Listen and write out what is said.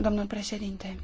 Domnul președinte,